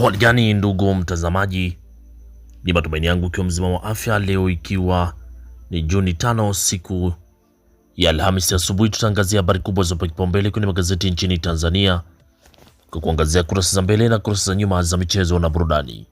Uhaligani ndugu mtazamaji, ni matumaini yangu ukiwa mzima wa afya leo, ikiwa ni Juni tano siku ya Alhamisi asubuhi, tutaangazia habari kubwa zopa kipaumbele kwenye magazeti nchini Tanzania kwa kuangazia kurasa za mbele na kurasa za nyuma za michezo na burudani.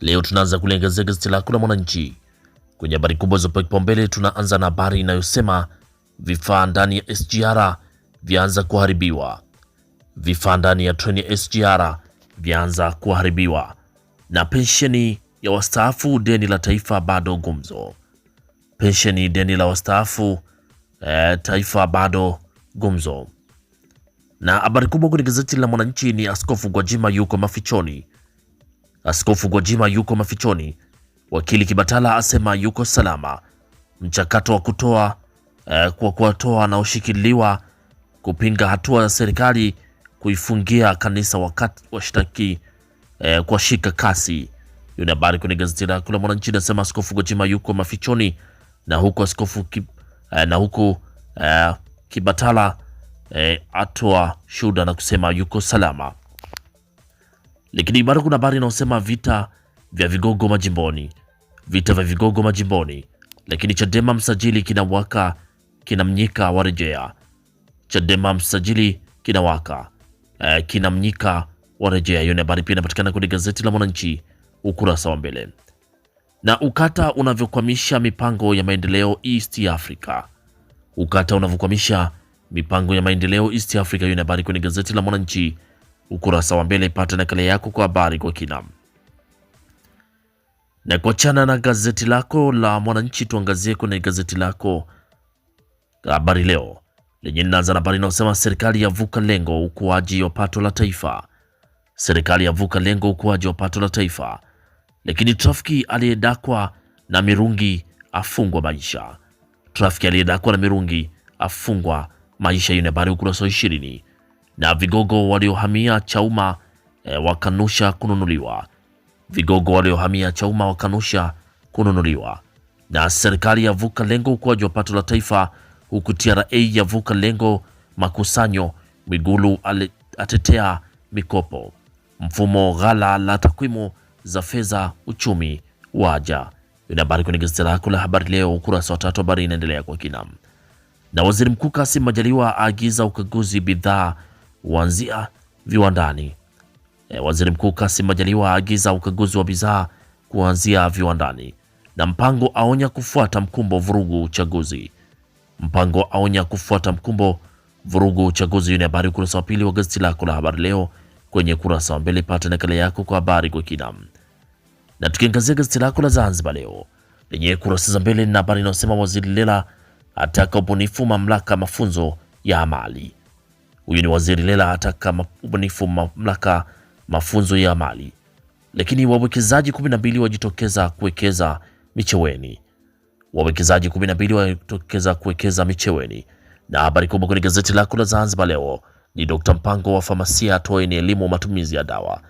Leo tunaanza kuliangazia gazeti lako la Mwananchi kwenye habari kubwa zopa kipaumbele. Tunaanza na habari inayosema vifaa ndani ya SGR vyaanza kuharibiwa. Vifaa ndani ya treni ya SGR vyaanza kuharibiwa na pensheni ya wastaafu, deni la taifa bado gumzo. Pensheni, deni la wastaafu e, taifa bado gumzo. Na habari kubwa kwenye gazeti la Mwananchi ni Askofu Gwajima yuko mafichoni. Askofu Gwajima yuko mafichoni. Wakili Kibatala asema yuko salama. Mchakato wa kutoa e, kwa kuwatoa wanaoshikiliwa kupinga hatua za serikali kuifungia kanisa wakati washtaki eh, kwa shika kasi. Hiyo ni habari kwenye gazeti laku la Mwananchi nasema Askofu Gwajima yuko mafichoni na huko askofu ki, eh, na huko eh, Kibatala eh, atoa shuhuda na kusema yuko salama. Lakini bado kuna habari inayosema vita vya vigogo majimboni, vita vya vigogo majimboni. Lakini Chadema msajili kinawaka kinamnyika warejea. Chadema msajili kinawaka uh, kina Mnyika warejea. Hiyo ni habari pia inapatikana kwenye gazeti la Mwananchi ukurasa wa mbele. Na ukata unavyokwamisha mipango ya maendeleo East Africa, ukata unavyokwamisha mipango ya maendeleo East Africa. Hiyo ni habari kwenye gazeti la Mwananchi ukurasa wa mbele. Pata nakala yako kwa habari kwa kina. Na kuachana na gazeti lako la Mwananchi, tuangazie kwenye gazeti lako Habari Leo lenye linaanza habari inayosema serikali yavuka lengo ukuaji wa pato la taifa. Serikali yavuka lengo ukuaji wa pato la taifa, lakini trafiki aliyedakwa na mirungi afungwa maisha. Trafiki aliyedakwa na mirungi afungwa maisha. Hiyo ni habari ukurasa wa ishirini. Na vigogo waliohamia Chauma e, wakanusha kununuliwa. Vigogo waliohamia Chauma wakanusha kununuliwa. Na serikali yavuka lengo ukuaji wa pato la taifa huku TRA yavuka lengo makusanyo. Mwigulu atetea mikopo. Mfumo ghala la takwimu za fedha uchumi waja. Habari kwenye gazeti lako la habari leo ukurasa wa tatu. Habari inaendelea kwa kina. Na waziri mkuu Kassim Majaliwa aagiza ukaguzi bidhaa kuanzia viwandani. E, waziri mkuu Kassim Majaliwa aagiza ukaguzi wa bidhaa kuanzia viwandani. Na Mpango aonya kufuata mkumbo vurugu uchaguzi. Mpango aonya kufuata mkumbo vurugu uchaguzi. Hiyo ni habari ukurasa wa pili wa gazeti lako la habari leo kwenye kurasa wa mbele, pata nakala yako kwa habari kwa kina. Na tukiangazia gazeti lako la Zanzibar leo lenye kurasa za mbele na habari inayosema waziri Lela ataka ubunifu mamlaka mafunzo ya amali. Huyu ni waziri Lela ataka ubunifu mamlaka mafunzo ya amali. Lakini wawekezaji 12 wajitokeza kuwekeza Micheweni wawekezaji 12 walitokeza kuwekeza Micheweni. Na habari kubwa kwenye gazeti lako la Zanzibar leo ni Dr. Mpango wa famasia atoe ni elimu matumizi ya dawa.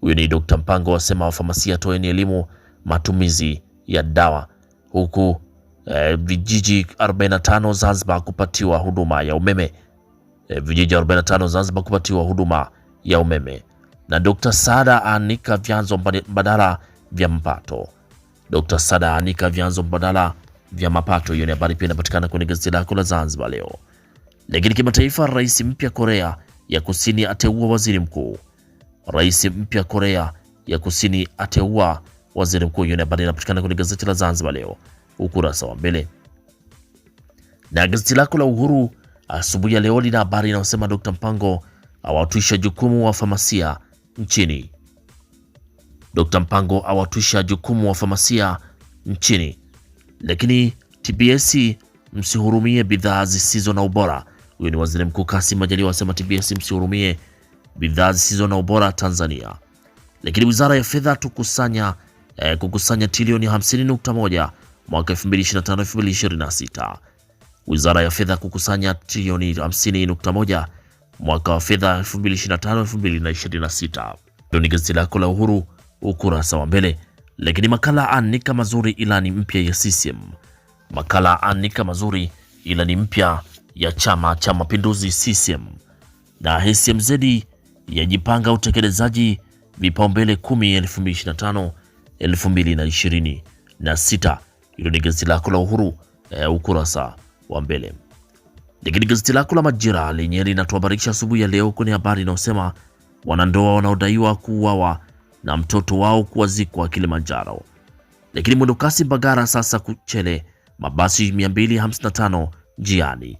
Huyu ni Dr. Mpango wasema wa famasia atoe ni elimu matumizi ya dawa, huku eh, vijiji 45 Zanzibar kupatiwa huduma ya umeme eh, vijiji 45 Zanzibar kupatiwa huduma ya umeme. Na Dr. Sada anika vyanzo mbadala vya mpato Dr. Sada anika vyanzo mbadala vya mapato. Hiyo ni habari pia inapatikana kwenye gazeti lako la Zanzibar leo. Lakini kimataifa, rais mpya Korea ya Kusini ateua waziri mkuu. Rais mpya Korea ya Kusini ateua waziri mkuu. Hiyo ni habari inapatikana kwenye gazeti la Zanzibar leo ukurasa wa mbele. Na gazeti lako la Uhuru asubuhi ya leo lina habari inayosema Dr. Mpango awatuisha jukumu wa famasia nchini. Dr. Mpango awatwisha jukumu wa famasia nchini. Lakini TBS msihurumie bidhaa zisizo na ubora. Huyo ni Waziri Mkuu Kassim Majaliwa asema TBS msihurumie bidhaa zisizo na ubora Tanzania. Lakini Wizara ya Fedha tukusanya eh, kukusanya trilioni 50.1 mwaka 2025-2026. Wizara ya Fedha kukusanya trilioni 50.1 mwaka wa fedha 2025-2026. Ndio ni gazeti lako la Uhuru ukurasa wa mbele. Lakini makala anika mazuri ilani mpya ya CCM, makala anika mazuri ilani mpya ya Chama cha Mapinduzi CCM na HCMZ yajipanga utekelezaji vipaumbele 10 2025 2026 na sita. Hilo ni gazeti lako la Uhuru e, ukurasa wa mbele. Lakini gazeti lako la Majira lenye linatuhabarisha asubuhi ya leo kwenye habari inayosema wanandoa wanaodaiwa kuuawa na mtoto wao kuwazikwa Kilimanjaro. Lakini mwendokasi Mbagala sasa kuchele, mabasi 255 njiani.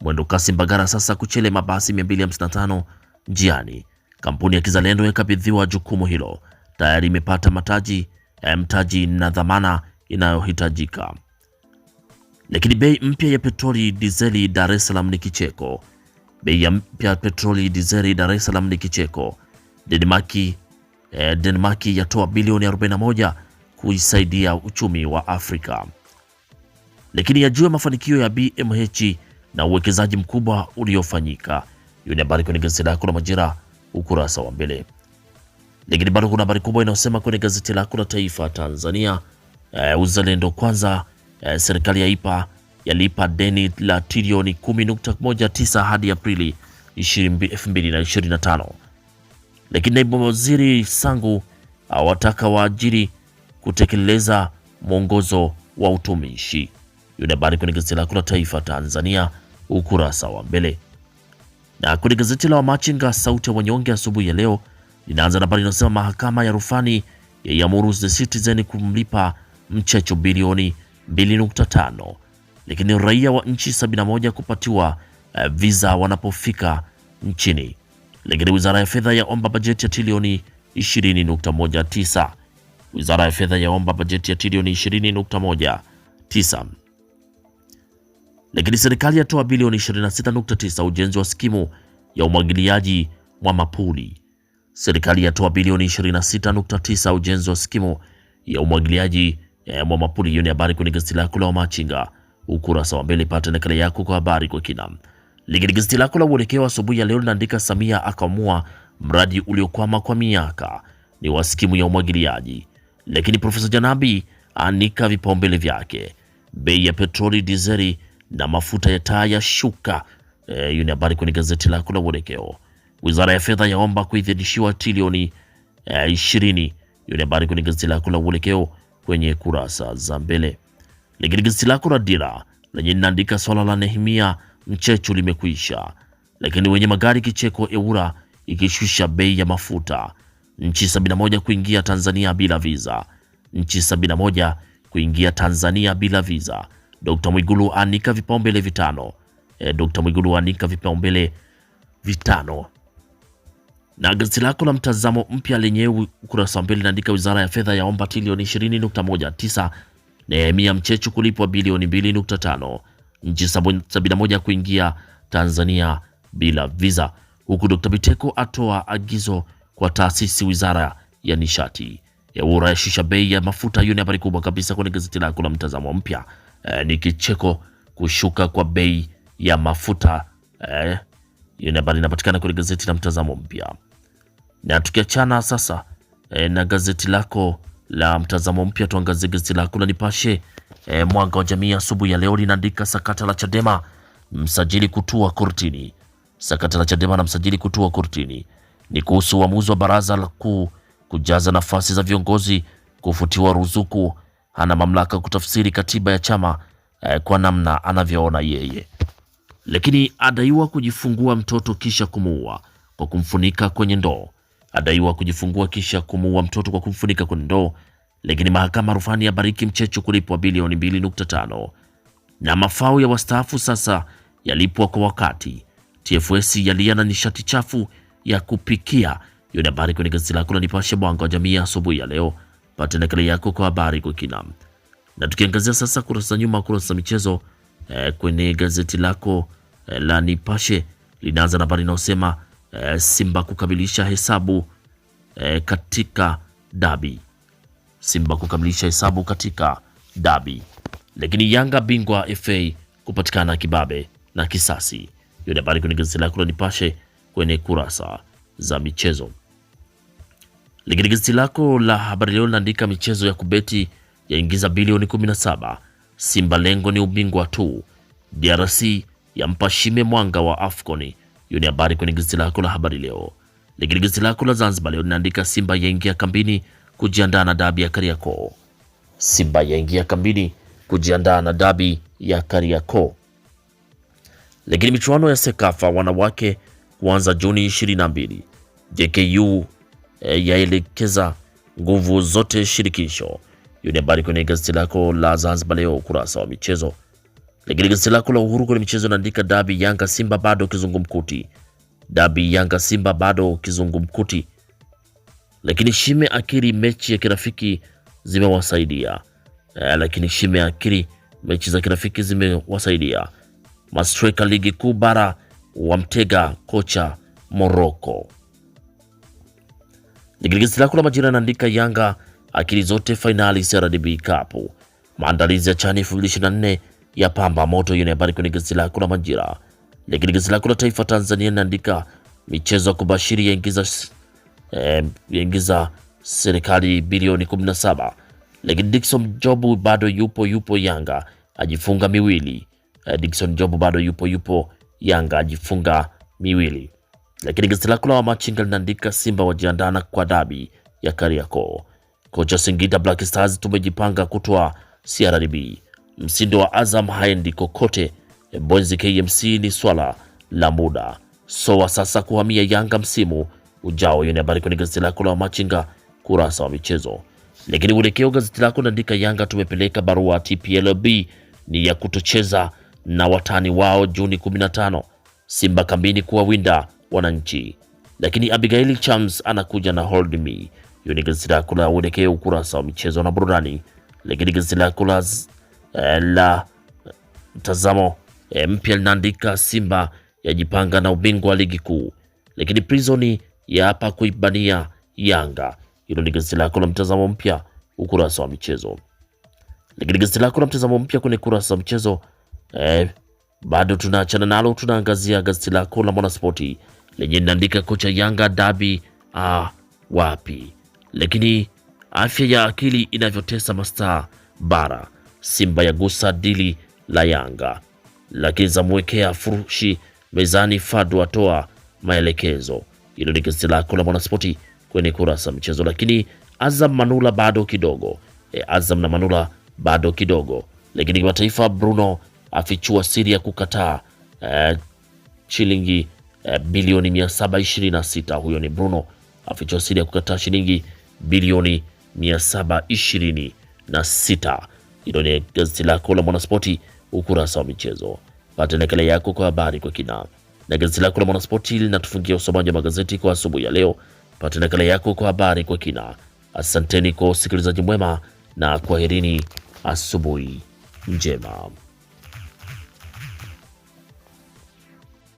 Mwendokasi Mbagala sasa kuchele, mabasi 255 njiani. Kampuni ya Kizalendo yakabidhiwa jukumu hilo, tayari imepata mataji ya mtaji na dhamana inayohitajika. Lakini bei mpya ya petroli dizeli Dar es Salaam ni kicheko. Bei mpya ya petroli dizeli Dar es Salaam ni kicheko. Denimaki eh, Denmaki yatoa bilioni 41 kuisaidia uchumi wa Afrika. Lakini yajue mafanikio ya BMH na uwekezaji mkubwa uliofanyika. Hiyo ni habari kwenye gazeti lako la Majira ukurasa wa mbele. Lakini bado kuna habari kubwa inayosema kwenye gazeti lako la Taifa Tanzania, e, uzalendo kwanza, e, serikali yaipa yalipa deni la trilioni 10.19 hadi Aprili 2025. Lakini naibu waziri Sangu awataka waajiri kutekeleza mwongozo wa utumishi. Hiyo ni habari kwenye gazeti lako la Taifa Tanzania ukurasa wa mbele. Na kwenye gazeti la Wamachinga sauti ya wanyonge asubuhi ya leo linaanza na habari inasema mahakama ya rufani yaiamuru The Citizen kumlipa mchecho bilioni 2.5 lakini raia wa nchi 71 kupatiwa eh, visa wanapofika nchini lakini wizara ya fedha yaomba bajeti ya trilioni 20.19. Wizara ya fedha yaomba bajeti ya trilioni 20.19. Lakini serikali yatoa bilioni 26.9 ujenzi wa skimu ya umwagiliaji wa mapuli. Serikali yatoa bilioni 26.9 ujenzi wa skimu ya umwagiliaji mwa mapuli. Hiyo ni habari kwenye gazeti lako la Wamachinga ukurasa wa mbele. Pata nakala yako kwa habari kwa kina. Lakini gazeti lako la Uelekeo asubuhi ya leo linaandika Samia akaamua mradi uliokwama kwa miaka ni wa skimu ya umwagiliaji. Lakini Profesa Janabi anika vipaumbele vyake, bei ya petroli, dizeli na mafuta ya taa ya shuka. Hiyo e, ni habari kwenye gazeti lako la Uelekeo. Wizara ya fedha yaomba kuidhinishiwa trilioni ishirini. E, hiyo ni habari kwenye gazeti lako la Uelekeo e, kwenye kurasa za mbele. Lakini gazeti lako la Dira lenye linaandika swala la Nehemia mchecho limekuisha, lakini wenye magari kicheko Eura ikishusha bei ya mafuta. Nchi 71 kuingia Tanzania bila visa. Nchi 71 kuingia Tanzania bila visa. Dr. Mwigulu anika vipaumbele vitano. E, Dr. Mwigulu anika vipaumbele vitano. Na gazeti lako la mtazamo mpya lenye ukurasa wa mbele inaandika wizara ya fedha yaomba trilioni 20.19 Nehemia Mchechu kulipwa bilioni 2.5 nchi 71 kuingia Tanzania bila visa, huku Dr. Biteko atoa agizo kwa taasisi wizara ya nishati. Ewura ya shisha bei ya mafuta, hiyo ni habari kubwa kabisa kwenye gazeti lako la mtazamo mpya. E, ni kicheko kushuka kwa bei ya mafuta e, hiyo ni habari inapatikana kwenye gazeti la mtazamo mpya. Na tukiachana sasa e, na gazeti lako la mtazamo mpya. Tuangazie gazeti lako la Nipashe e, mwanga wa jamii asubuhi ya leo linaandika sakata la Chadema msajili kutua kortini. Sakata la Chadema na msajili kutua kortini ni kuhusu uamuzi wa baraza la kuu kujaza nafasi za viongozi kufutiwa ruzuku. Ana mamlaka kutafsiri katiba ya chama e, kwa namna anavyoona yeye, lakini adaiwa kujifungua mtoto kisha kumuua kwa kumfunika kwenye ndoo adaiwa kujifungua kisha kumuua mtoto kwa kumfunika kwa ndoo, lakini mahakama rufani ya bariki Mchecho kulipwa bilioni 2.5 na mafao ya wastaafu sasa yalipwa kwa wakati. TFS yalia na nishati chafu ya kupikia. Hiyo ni habari kwenye gazeti lako la Nipashe mwanga wa jamii asubuhi ya leo. Pata nakala yako kwa habari kwa kina. Na tukiangazia sasa kurasa nyuma, kurasa michezo eh, kwenye gazeti lako eh, la Nipashe linaanza na habari inayosema e, Simba kukamilisha hesabu e, katika dabi. Simba kukamilisha hesabu katika dabi, lakini Yanga bingwa FA kupatikana kibabe na kisasi. Hiyo ni habari kwenye gazeti lako la Nipashe kwenye kurasa za michezo. Lakini gazeti lako la Habari Leo linaandika michezo ya kubeti yaingiza bilioni 17, Simba lengo ni ubingwa tu, DRC yampa shime mwanga wa Afconi, hiyo ni habari kwenye gazeti lako la habari leo. Lakini gazeti lako la Zanzibar leo linaandika Simba yaingia kambini kujiandaa na dabi ya Kariakoo. Simba yaingia kambini kujiandaa na dabi ya Kariakoo. Lakini michuano ya Sekafa wanawake kuanza Juni 22. JKU e, yaelekeza nguvu zote shirikisho. Hiyo ni habari kwenye gazeti lako la Zanzibar leo ukurasa wa michezo. Lakini gazeti lako la Uhuru kwenye michezo naandika dabi Yanga Simba bado kizungumkuti, dabi Yanga Simba bado kizungumkuti. Lakini Shime akiri mechi ya kirafiki zimewasaidia e, lakini Shime akiri mechi za kirafiki zimewasaidia. Mastreka ligi kuu bara wamtega kocha Morocco. Lakini gazeti lako la Majira naandika Yanga akili zote fainali CRDB Cup, maandalizi ya CHAN 2024 ya pamba moto. Hiyo ni habari kwenye gazeti lako la Majira. Lakini gazeti lako la Taifa Tanzania linaandika michezo ya kubashiri yaingiza eh, yaingiza serikali bilioni 17. Lakini Dickson Jobu bado yupo yupo Yanga ajifunga miwili. Eh, Dickson Jobu bado yupo yupo Yanga ajifunga miwili. Lakini gazeti lako la Wamachinga linaandika Simba wajiandana kwa dabi ya Kariakoo. Kocha Singida Black Stars tumejipanga kutoa CRDB. Msindo wa Azam haendi kokote. Mbozi KMC ni swala la muda. Soa sasa kuhamia Yanga msimu ujao. Hiyo ni habari kwenye gazeti lako la Machinga kurasa wa michezo. Lakini uelekeo gazeti lako naandika Yanga tumepeleka barua TPLB ni ya kutocheza na watani wao Juni 15. Simba kambini kuwawinda wananchi. Lakini Abigail Chams anakuja na Hold Me. Hiyo ni gazeti lako la uelekeo ukurasa wa michezo na burudani. Lakini gazeti lako la Eh, la mtazamo eh, mpya linaandika Simba yajipanga na ubingwa wa ligi kuu, lakini Prison ya hapa kuibania Yanga. Hilo ni gazeti lako la mtazamo mpya ukurasa wa michezo. Lakini gazeti lako la mtazamo mpya kwenye kurasa wa michezo eh, bado tunaachana nalo, tunaangazia gazeti lako la Mwanaspoti lenye linaandika kocha Yanga dabi ah, wapi, lakini afya ya akili inavyotesa mastaa bara Simba ya gusa dili la Yanga, lakini zamwekea furushi mezani. Fadu atoa maelekezo. Hilo ni gazeti lako la Mwanaspoti kwenye kurasa mchezo. Lakini Azam Manula bado kidogo e, Azam na Manula bado kidogo. Lakini kimataifa, Bruno afichua siri ya kukataa e, shilingi e, bilioni 726. Huyo ni Bruno afichua siri ya kukataa shilingi bilioni 726. Hilo ni gazeti lako la Mwanaspoti ukurasa wa michezo. Pata nakala yako kwa habari kwa kina. Na gazeti lako la Mwanaspoti linatufungia usomaji wa magazeti kwa asubuhi ya leo. Pata nakala yako kwa habari kwa kina. Asanteni kwa usikilizaji mwema na kwaherini, asubuhi njema.